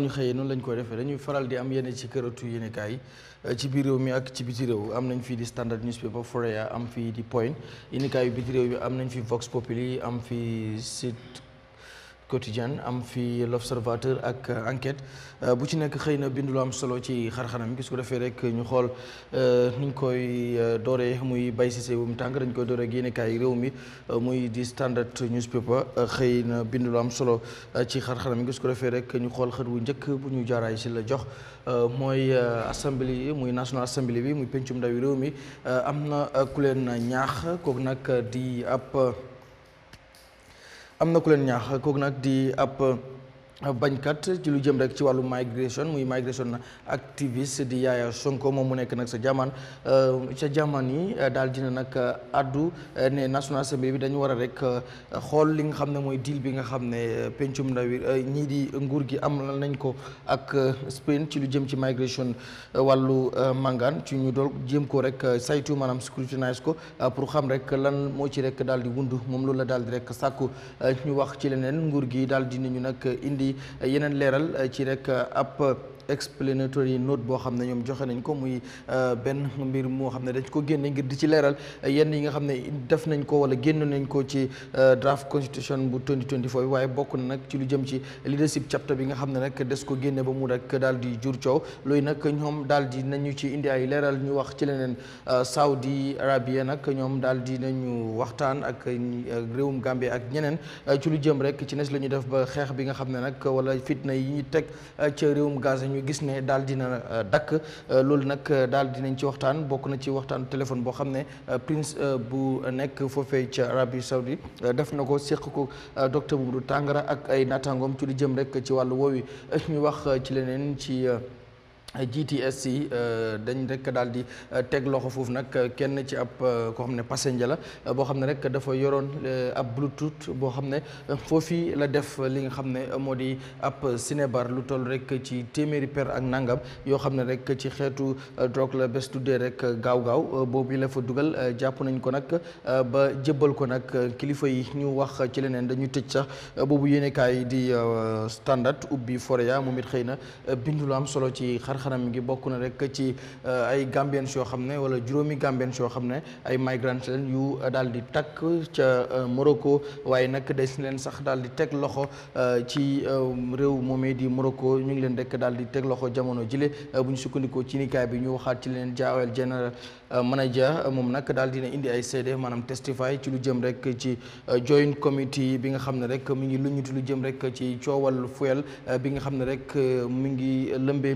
ñu xëyee noonu lañ koy defee dañuy faral di am yenn ci këratu yéenekaay yi ci biir réew mi ak ci biti réew am nañ fii di standard newspaper Foroyaa am fii di Point yéenekaay yu biti réew mi am nañ fi Vox Populi am fi site quotidien am fi l'observateur ak euh, enquête euh, bu ci nekk xëy na bindu lu am solo ci xar-xaram gi su ko defee rek ñu xool euh, nuñ koy dooree muy bay si séewum tàng dañ koy dooree ak réew mi muy di standard newspaper xëy na bindu lu solo ci xar-xaram gi su ko defee rek ñu xool xët wu njëkk bu ñu jaaraay si la jox mooy assemblée muy national assemblée bi muy pencum ndawi réew mi am na ku leen ñaax kooku nag di ab am na ku leen ñaax kooku nag di ab. bañkat ci lu jëm rek ci wàllu migration muy migration activiste di Yaaya Sonko moom mu nekk nag sa jamaan euh, sa jamaan yi euh, daal dina nag euh, addu ne National Assembly bi dañu war a rek xool li nga xam ne mooy deal bi nga xam ne pencum ndawi ñii di nguur gi am nañ ko ak Spain ci lu jëm ci migration wàllu mangaan ci ñu dool jëm ko rek saytu maanaam scrutinise ko pour xam rek lan moo ci rekk daal di wund moom loolu la daal di rek sàkku ñu wax ci leneen nguur ci yeneen leeral ci rek ab explanatory note boo xam ne ñoom joxe nañ ko muy euh, benn mbir moo xam ne dañ ko génne ngir di ci leeral yenn yi nga xam ne def nañ ko wala génn nañ ko ci euh, draft constitution bu 2024 waaye bokk nag ci lu jëm ci leadership chapter bi nga xam ne nag des ko génne ba mu rek daal di jur coow nag ñoom daal di nañu ci indi ay leeral ñu wax ci leneen euh, Saudi Arabia nag ñoom daal di nañu waxtaan ak réewum Gambie ak ñeneen ci lu jëm rek ci la ñu def ba xeex bi nga xam ne nag wala fitna yi ñu teg ca réewum Gaza ñu gis ne daal dina euh, dakk euh, loolu nag euh, daal dinañ ci waxtaan bokk na ci waxtaan téléphone boo xam ne prince bu nekk foofee ca Arabie Saoudi def na ko séq ko docteur Mamadou Tangara ak ay naataangoom ci lu jëm rek ci wàllu woowi ñu wax ci leneen ci GTSC euh, dañ rek daal di euh, teg loxo foofu nag euh, kenn ci ab koo xam ne passenger la boo xam ne rek dafa yoroon ab bluetooth boo xam ne foofii la def li nga xam ne moo di ab cinébar lu toll rek ci téeméeri per ak nangam yoo xam ne rek ci xeetu drogue la bés tuddee rek gaaw-gaaw boobu la fa dugal jàpp nañ ko nag ba jëbbal ko nag kilifa yi ñu wax ci leneen dañu tëj sax boobu yéenekaay di standard ubbi Forea moom it xëy na bindu am solo ci xar xaram ngi bokk na rek ci euh, ay Gambiens yoo xam ne wala juróomi Gambiens soo xam ne ay migrants leen yu daal di takk ca euh, Morocco waaye nag des leen sax daal di teg loxo euh, ci réew moom moomee di Morocco ñu ngi leen rek daal di teg loxo jamono jile bu ñu sukkandikoo ci nikaay bi ñu waxaat ci leen jaawel général manager moom nag daal ne indi ay seede maanaam testify ci lu jëm rek ci joint committee bi nga xam ne rek mu ngi luñuti lu jëm rek ci coowal fuel bi nga xam ne rek mi ngi lëmbe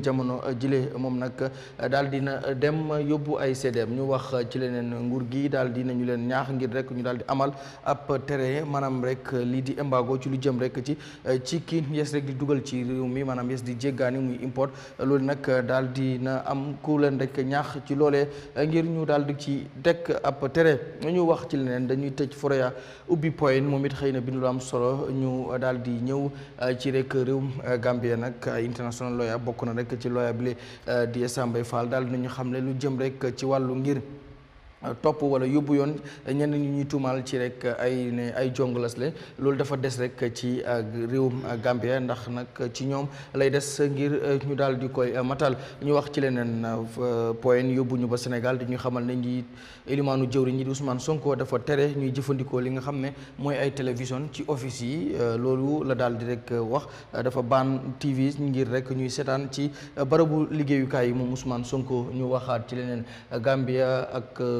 yooyu jamono jile moom nag daal na dem yóbbu ay CDM ñu wax ci leneen nguur gi daal dina ñu leen ñaax ngir rek ñu daal di amal ab tere maanaam rek lii di embargo ci lu jëm rek ci ci kii yes rek di dugal ci réew mi maanaam yes di jéggaani muy import loolu nag daal na am ku leen rek ñaax ci loole ngir ñu daal di ci dëkk ab tere ñu wax ci leen dañuy tëj Foroyaa ubbi point moom it xëy na bindu lu am solo ñu daal di ñëw ci rek réewum Gambie nag international lawyer na rek nekk ci loya bi eh, di Samba Fall daal ñu xam ne lu jëm rek ci wàllu ngir Euh, topp wala yóbbu yoon ñenn ñu ñuy tuumaal ci rek euh, ay ne ay jonglas la loolu dafa des rek ci euh, réewum Gambia ndax nag ci ñoom lay des ngir ñu daal di koy matal ñu wax ci leneen point yóbbu ñu ba Sénégal di ñu xamal ne ñi élimaanu jëwri ñi di Ousmane Sonko dafa tere ñuy jëfandikoo li nga xam ne mooy ay télévision ci office yi loolu la daal di rek wax dafa baan TV ngir rek ñuy seetaan ci barabu liggéeyukaay yi moom Ousmane Sonko ñu waxaat ci leneen Gambia ak.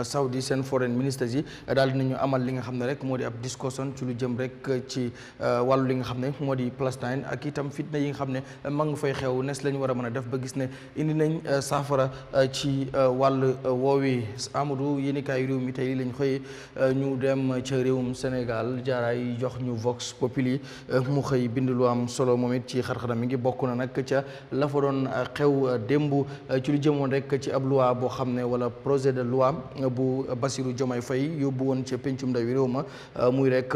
saudi seen foreign ministers yi daal dinañu amal li nga xam ne rek moo di ab discussion ci lu jëm rek ci euh, wàllu li nga xam ne moo di Palestine ak itam fitna yi nga xam ne ma ngi fay xew nes la ñu war a mën a def ba gis ne indi nañ euh, saafara euh, ci wàll woowee Amadou yéenekaay réew mi tey lañu xëyee ñu dem ca réewum Sénégal jaaraay jox ñu Vox Populi mu xëy bind lu am solo moom it ci xar-xaram mi ngi bokk na nag ca lafa doon xew démb ci lu jëmoon rek ci ab boo xam ne wala projet de loi bu Bassirou fay Faye yóbbu woon ca pencum ndawi réew ma euh, muy rek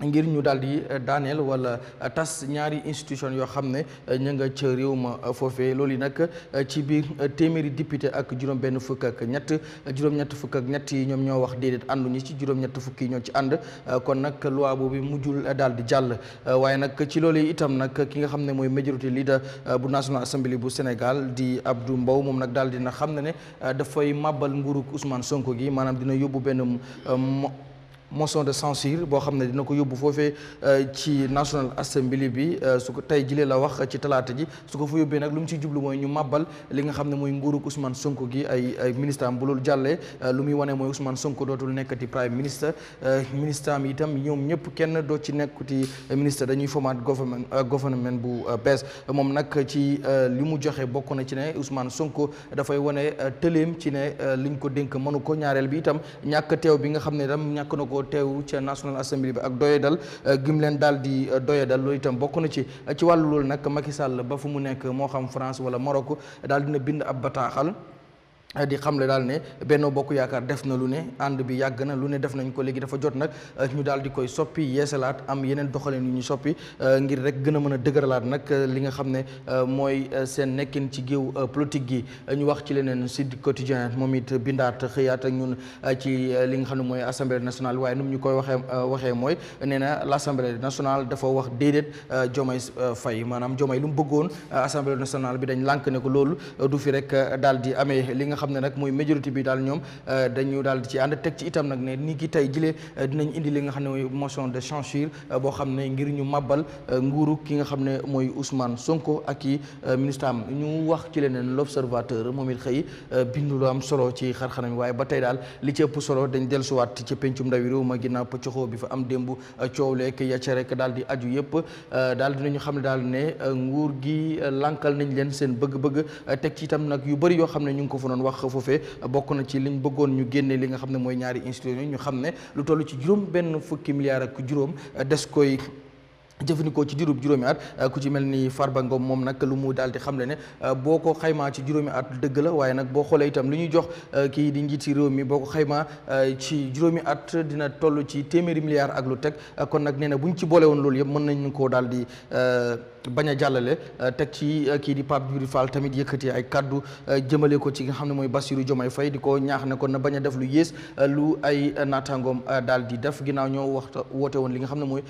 ngir ñu daal di eh, daaneel wala eh, tas ñaari institution yoo xam ne eh, ñu nga ca réew ma foofee loolu yi nag ci biir téeméeri député ak juróom-benn fukk ak ñett juróom-ñett fukk ak ñett yi ñoom ñoo wax déedéet àndu ñi ci juróom-ñett fukk yi ñoo ci ànd kon nag loi boobu mujjul daal di jàll waaye nag ci loolu itam nag ki nga xam ne mooy majorité leader bu National Assembly bu Sénégal di Abdou Mbow moom nag daal na xam ne ne dafay màbbal nguurug Ousmane Sonko gi maanaam dina yóbbu benn motion de censure boo xam ne dina ko yóbbu foofee euh, ci National Assembly bi euh, su ko tey jilee la wax ci talaata ji su ko fa yóbbee nag lu mu ci jublu mooy ñu màbbal li nga xam ne mooy nguurug Ousmane Sonko gi ay ay ministre am bu loolu jàllee euh, lu muy wane mooy Ousmane Sonko dootul nekkati prime ministre ministre am itam ñoom ñëpp kenn doo ci nekkati ministre dañuy format government gouvernement bu bees moom nag ci li mu joxe bokk na ci ne Ousmane Sonko dafay wane tëleem ci ne liñ ko dénk mënu ko ñaareel bi itam ñàkk teew bi nga xam ne itam ñàkk na ko teew ca National Assembly bi ak doyadal euh, gim leen daal di euh, doyadal loolu itam bokk na ci ci wàll loolu nag Macky Sall ba fu mu nekk moo xam France wala Maroc daal dina bind ab bataaxal di xamle daal ne Benno Bokk Yaakaar def na lu ne ànd bi yàgg na lu ne def nañ ko léegi dafa jot nag euh, ñu daal di koy soppi yeesalaat am yeneen doxalin yu ñu soppi euh, ngir rek gën a mën a dëgëralaat nag euh, li nga xam ne mooy seen nekkin ci géew politique gi ñu wax ci leneen Sud Quotidien moom it bindaat xëyaat ak ñun ci li nga xam ne mooy assemblée nationale waaye nu ñu koy waxee waxee mooy nee na l' assemblée nationale dafa wax déedéet Diomaye fay maanaam Diomaye lu mu bëggoon assemblée nationale bi dañ lànk ne ko loolu xam ne nag mooy majorité bi daal ñoom euh, dañu daal ci ànd teg ci itam nag ne ni ki tey jile euh, dinañ indi li nga xam ne mooy motion de censure euh, boo xam ne ngir ñu màbbal nguuru ki nga xam ne mooy Ousmane Sonko ak i ministre am ñu wax ci leneen l'observateur moom it xëy bindu lu am solo ci xarxanam waaye ba tey daal li ci ëpp solo dañ dellusiwaat ci pencum ndawi réew ma ginnaaw pëccoxoo bi fa am démb coow leek ya ca rek daal di aju yëpp daal dinañu xam ne daal ne nguur gi lànkal nañ leen seen bëgg-bëgg teg ci itam nag yu bëri yoo xam wax foofee jëfandikoo ci diirub juróomi at euh, ku ci mel ni Farba Ngom moom nag lu mu daal di xamle ne euh, boo ko xaymaa ci juróomi at dëgg la waaye nag boo xoolee itam lu ñuy jox euh, kii di njiiti réew mi boo ko xaymaa ci juróomi at dina toll ci téeméeri milliards ak lu teg kon nag nee na bu ñu ci boole woon loolu yëpp mën nañu koo daal di bañ a jàllale teg ci kii di Pape Djibril Fall tamit yëkkati ay kàddu jëmale ko ci nga xam ne mooy Bassirou jomay fay di ko ñaax ne kon na bañ a def lu yées lu ay naataangoom daal di def ginnaaw ñoo li nga xam ne mooy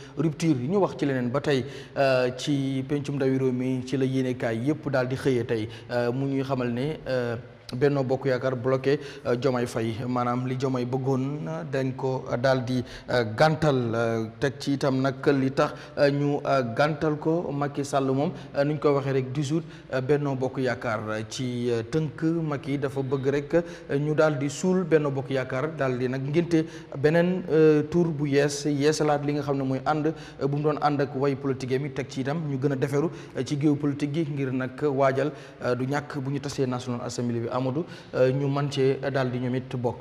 ba tey euh, ci pencum ndawi réew mi ci la yéenekaay yëpp daal di xëyee tey euh, mu ñuy xamal ne euh, Benno Bokk Yaakaar bloqué jomoy euh, fay maanaam li Diomaye bëggoon dañ ko daal di euh, gàntal euh, teg ci itam nag yi tax ñu gantal ko Macky Sall moom ñu koy waxee rek di jour Benno Bokk Yaakaar ci tënk mag Macky dafa bëgg rek ñu daal di suul Benno Bokk Yaakaar daal di nag ngénte beneen tour bu yees yeesalaat li nga xam ne mooy ànd bu mu doon ànd ak way politique mi teg ci itam ñu gën a deferu ci géopolitique gi ngir nag waajal du ñàkk bu ñu tasee National Amadou euh, ñu mën cee daal di ñoom it bokk.